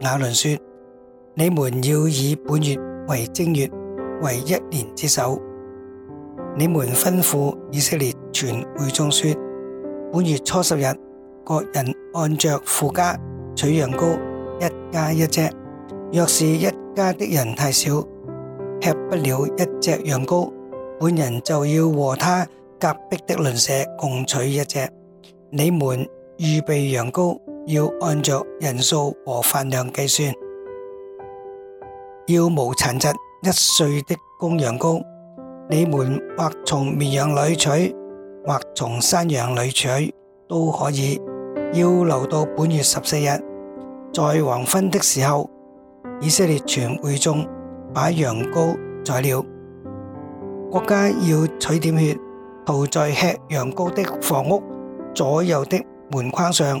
亞倫說：你們要以本月為正月，為一年之首。你們吩咐以色列全會眾說：本月初十日，各人按着父家取羊羔，一家一隻。若是一家的人太少，吃不了一隻羊羔，本人就要和他隔壁的鄰舍共取一隻。你們預備羊羔，要按照人數和份量計算，要無殘疾。一歲的公羊羔，你們或從綿羊裏取，或從山羊裏取都可以，要留到本月十四日，在黃昏的時候，以色列全會眾把羊羔宰了，國家要取點血塗在吃羊羔的房屋左右的門框上。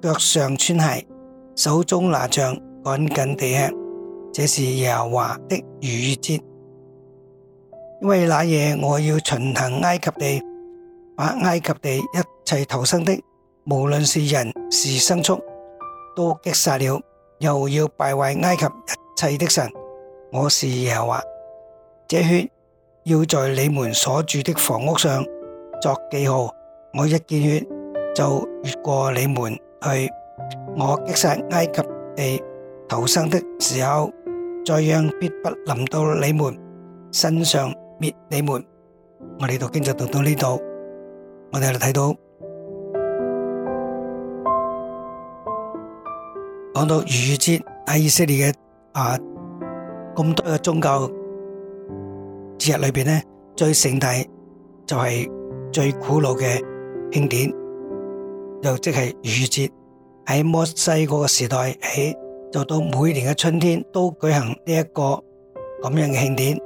腳上穿鞋，手中拿杖，趕緊地吃。這是耶和華的逾越節，因為那夜我要巡行埃及地，把埃及地一切逃生的，無論是人是牲畜，都擊殺了，又要敗壞埃及一切的神。我是耶和華，這血要在你們所住的房屋上作記號，我一見血就越過你們。去我擊殺埃及地逃生的時候，再讓必不臨到你們身上滅你們。我哋讀經就讀到呢度，我哋就睇到講到逾越節喺以色列嘅，啊咁多嘅宗教節日裏邊咧，最盛大就係最古老嘅慶典。又即係逾越節喺摩西嗰個時代起，就到每年嘅春天都舉行呢一個咁樣嘅慶典，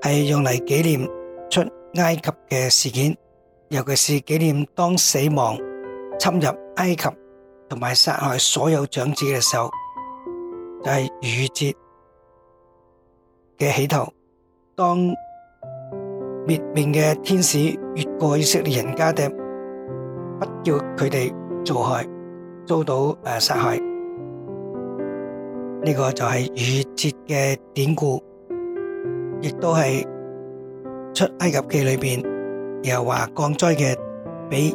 係用嚟紀念出埃及嘅事件，尤其是紀念當死亡侵入埃及同埋殺害所有長子嘅時候，就係逾越節嘅起頭。當滅命嘅天使越過以色列人家嘅，不叫佢哋。受害遭到誒殺害，呢個就係逾越節嘅典故，亦都係出埃及記裏邊又話降災嘅，俾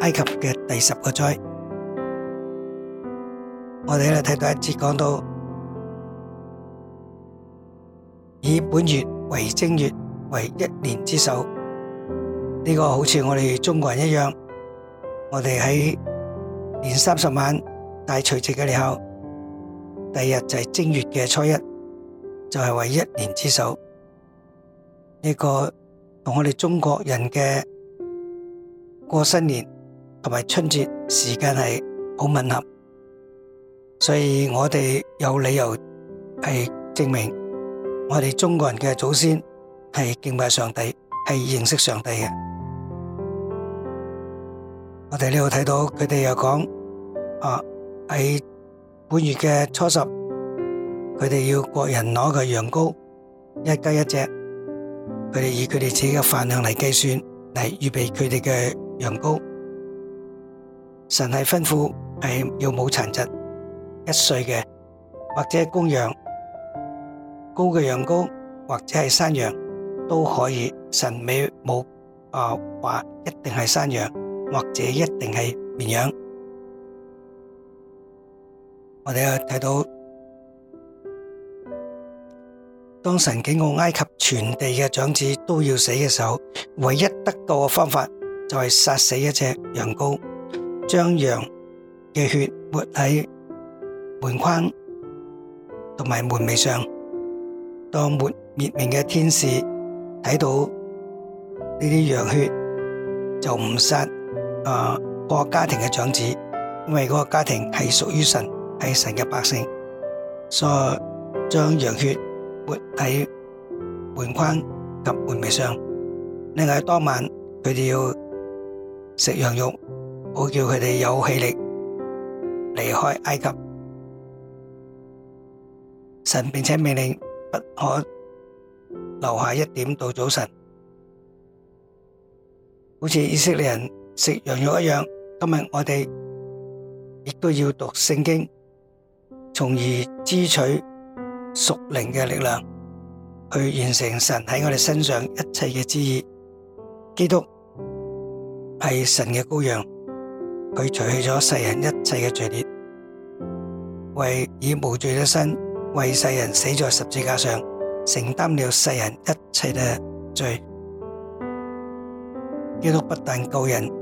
埃及嘅第十個災。我哋喺度睇第一節講到，以本月為正月為一年之首，呢個好似我哋中國人一樣，我哋喺。年三十晚大除夕嘅時候，第二日就係正月嘅初一，就係、是、為一年之首。呢、這個同我哋中國人嘅過新年同埋春節時間係好吻合，所以我哋有理由係證明我哋中國人嘅祖先係敬拜上帝，係認識上帝嘅。我哋呢度睇到佢哋又講，啊喺本月嘅初十，佢哋要各人攞個羊羔一家一隻，佢哋以佢哋自己嘅飯量嚟計算嚟預備佢哋嘅羊羔。神係吩咐係要冇殘疾一歲嘅或者公羊羔嘅羊羔或者係山羊都可以。神未冇啊話一定係山羊。或者一定係綿羊，我哋有睇到，當神警告埃及全地嘅長子都要死嘅時候，唯一得救嘅方法就係殺死一隻羊羔，將羊嘅血抹喺門框同埋門楣上，當滅滅命嘅天使睇到呢啲羊血就唔殺。誒，個家庭嘅長子，因為嗰個家庭係屬於神，係神嘅百姓，所以將羊血抹喺門框及門楣上。另外當晚佢哋要食羊肉，好叫佢哋有氣力離開埃及。神並且命令不可留下一點到早晨，好似以色列人，食羊肉一樣，今日我哋亦都要讀聖經，從而支取屬靈嘅力量，去完成神喺我哋身上一切嘅旨意。基督係神嘅羔羊，佢除去咗世人一切嘅罪孽，為以無罪嘅身，為世人死在十字架上，承擔了世人一切嘅罪。基督不但救人。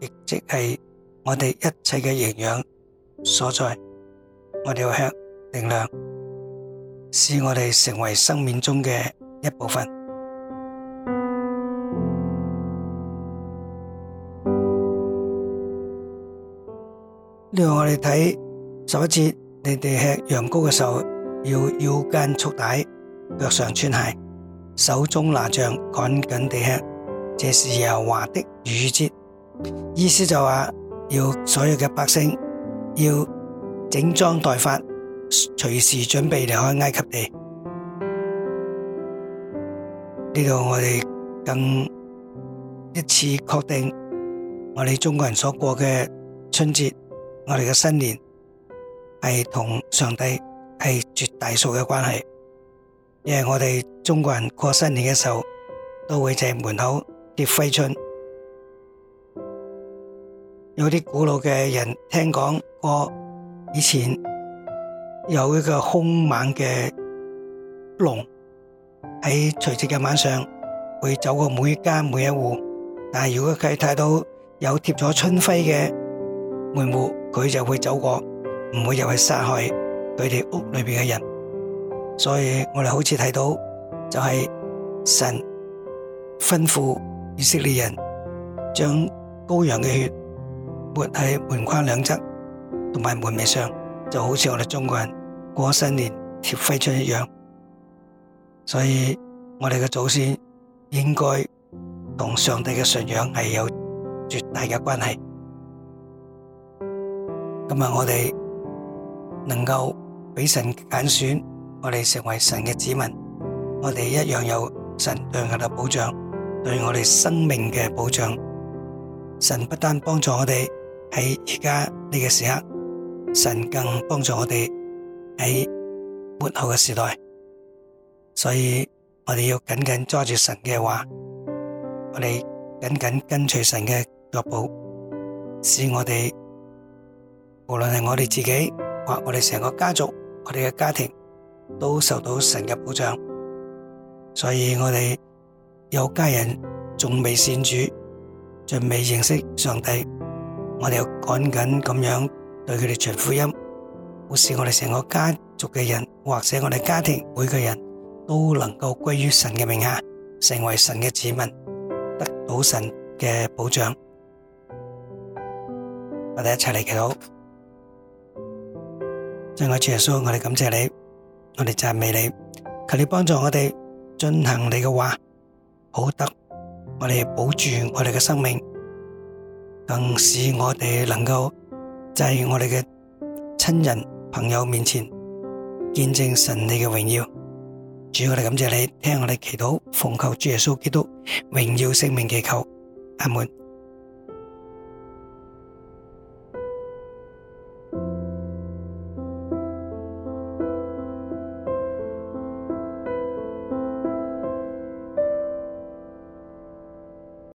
亦即係我哋一切嘅營養所在，我哋要吃定量，使我哋成為生命中嘅一部分。呢個我哋睇十一節，你哋吃羊羔嘅時候，要腰間束帶，腳上穿鞋，手中拿杖，趕緊地吃，這是耶和華的逾越節。意思就話、是，要所有嘅百姓要整裝待發，隨時準備離開埃及地。呢度我哋更一次確定，我哋中國人所過嘅春節，我哋嘅新年係同上帝係絕大數嘅關係。因為我哋中國人過新年嘅時候，都會在門口貼揮春。有啲古老嘅人聽講過，以前有一個兇猛嘅龍，喺除夕嘅晚上會走過每一家每一戶，但係如果佢睇到有貼咗春暉嘅門戶，佢就會走過，唔會入去殺害佢哋屋裏邊嘅人。所以我哋好似睇到就係神吩咐以色列人將羔羊嘅血。抹喺門框兩側同埋門楣上，就好似我哋中國人過新年貼揮春一樣。所以我哋嘅祖先應該同上帝嘅信仰係有絕大嘅關係。今日我哋能夠俾神揀選我哋成為神嘅子民，我哋一樣有神對我哋保障，對我哋生命嘅保障。神不單幫助我哋。喺而家呢個時刻，神更幫助我哋喺末後嘅時代，所以我哋要緊緊抓住神嘅話，我哋緊緊跟隨神嘅腳步，使我哋無論係我哋自己或我哋成個家族、我哋嘅家庭，都受到神嘅保障。所以我哋有家人仲未信主，仲未認識上帝。我哋要趕緊咁樣對佢哋傳福音，好使我哋成個家族嘅人，或者我哋家庭每個人都能夠歸於神嘅名下，成為神嘅子民，得到神嘅保障。我哋一齊嚟祈禱，親愛的主耶穌，我哋感謝你，我哋讚美你，求你幫助我哋進行你嘅話，好得我哋保住我哋嘅生命。更使我哋能夠在我哋嘅親人朋友面前見證神你嘅榮耀，主，我哋感謝你聽我哋祈禱，奉求主耶穌基督榮耀聖命祈求，阿門。